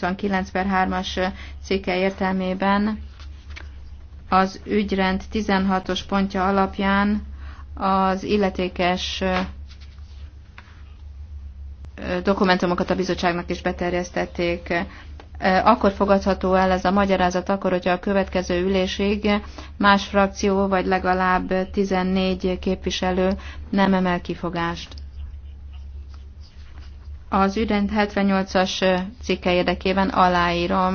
89 per 3-as cikke értelmében az ügyrend 16-os pontja alapján az illetékes dokumentumokat a bizottságnak is beterjesztették. Akkor fogadható el ez a magyarázat, akkor, hogyha a következő ülésig más frakció, vagy legalább 14 képviselő nem emel kifogást. Az üdent 78-as cikke érdekében aláírom